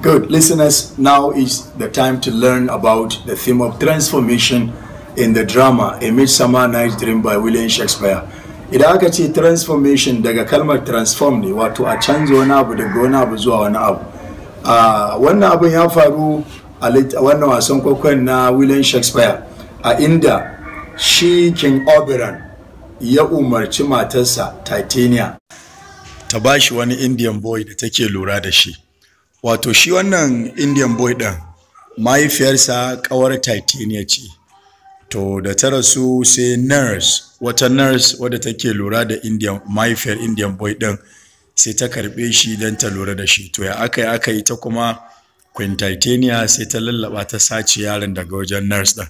Good. Listeners, now is the time to learn about the theme of transformation in the drama A Midsummer night Dream by William Shakespeare. Idan aka ce transformation daga kalmar transform ne wato a canza wani abu daga wani abu zuwa wani abu. Wannan abun ya faru a wannan wasan kwakwan na William Shakespeare a inda shi King Oberon ya umarci matarsa Titania ta bashi wani Indian boy da take lura da shi. wato shi wannan indian boy ɗin mahaifiyarsa ƙawar titania ce to da ta rasu sai nurse wata nurse wadda take lura da indian mahaifiyar indian boy ɗin sai ta karɓe shi don ta lura da shi to ya aka yi aka yi ta kuma queen titania sai ta lallaba ta sace yaron daga wajen nurse ɗin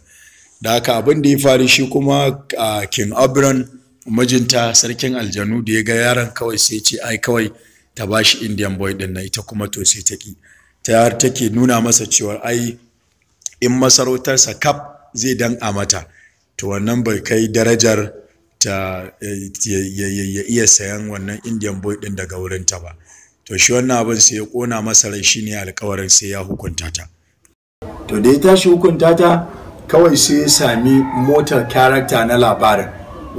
da haka abin da ya faru shi kuma king abron mijinta sarkin aljanu da ya ga yaron kawai sai ce ai kawai ta ba shi indian boy din nan ita kuma to sai ta ki ta har take nuna masa cewa ai in masarautar sa kaf zai dan a mata to wannan bai kai darajar ta ya iya sayan wannan indian boy din daga wurin ta ba to shi wannan abin sai ya kona masa rai shine alƙawarin sai ya hukunta ta to da ya tashi hukunta ta kawai sai ya sami motar character na labarin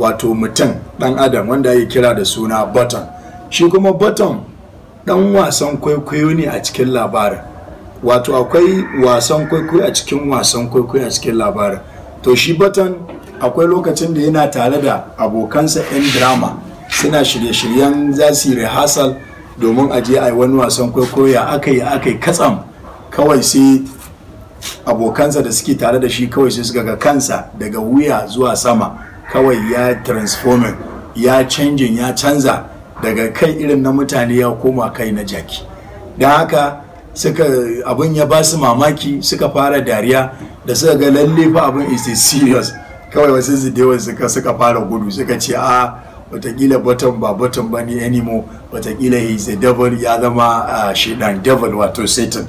wato mutum dan adam wanda ya kira da suna button shi kuma button ɗan wasan kwaikwayo ne a cikin labarin wato akwai wasan kwaikwayo a cikin wasan kwaikwayo a cikin labarin to shi batan akwai lokacin da yana tare da abokansa 'yan drama suna shirye-shiryen za su yi rehearsal domin a a yi wani wasan kwaikwayo aka yi aka yi katsam kawai sai abokansa da suke tare da shi kawai sai suka ga kansa daga wuya zuwa sama kawai ya transforming ya canjin ya canza daga kai irin na mutane ya koma kai na jaki don haka suka abin ya ba su mamaki suka fara dariya da suka ga lalle fa abin is serious kawai wasu zidewan suka suka fara gudu suka ce a watakila bottom ba bottom ba ni animo watakila he is a devil ya zama shedan devil wato satan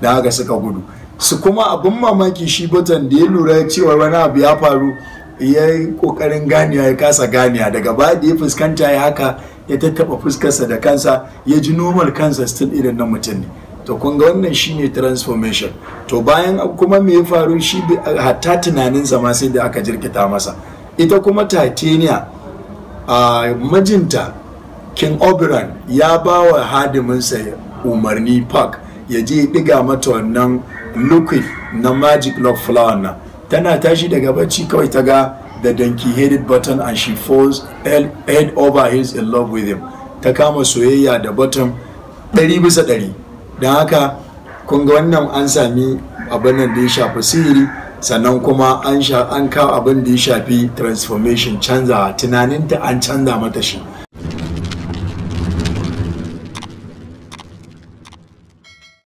da haka suka gudu su kuma abin mamaki shi bottom da ya lura cewa wani abu ya faru ya yi kokarin ganiya ya kasa ganiya daga baya ya fuskanta ya haka ya tattaba fuskarsa da kansa ya ji normal kansa still irin na mutum ne to kun ga wannan shine transformation to bayan kuma me ya faru shi hatta tunaninsa ma sai da aka jirkita masa ita kuma titania a majinta king oberon ya ba wa hadiminsa umarni park ya je ya diga mata wannan liquid na magic lock flower na tana tashi daga bacci kawai ta ga the donkey headed button and she falls head over heels in love with him ta kama soyayya da button ɗari bisa ɗari don haka kun ga wannan an sami abin da ya shafi sihiri sannan kuma an kawo abin da ya shafi transformation canza tunaninta an canza mata shi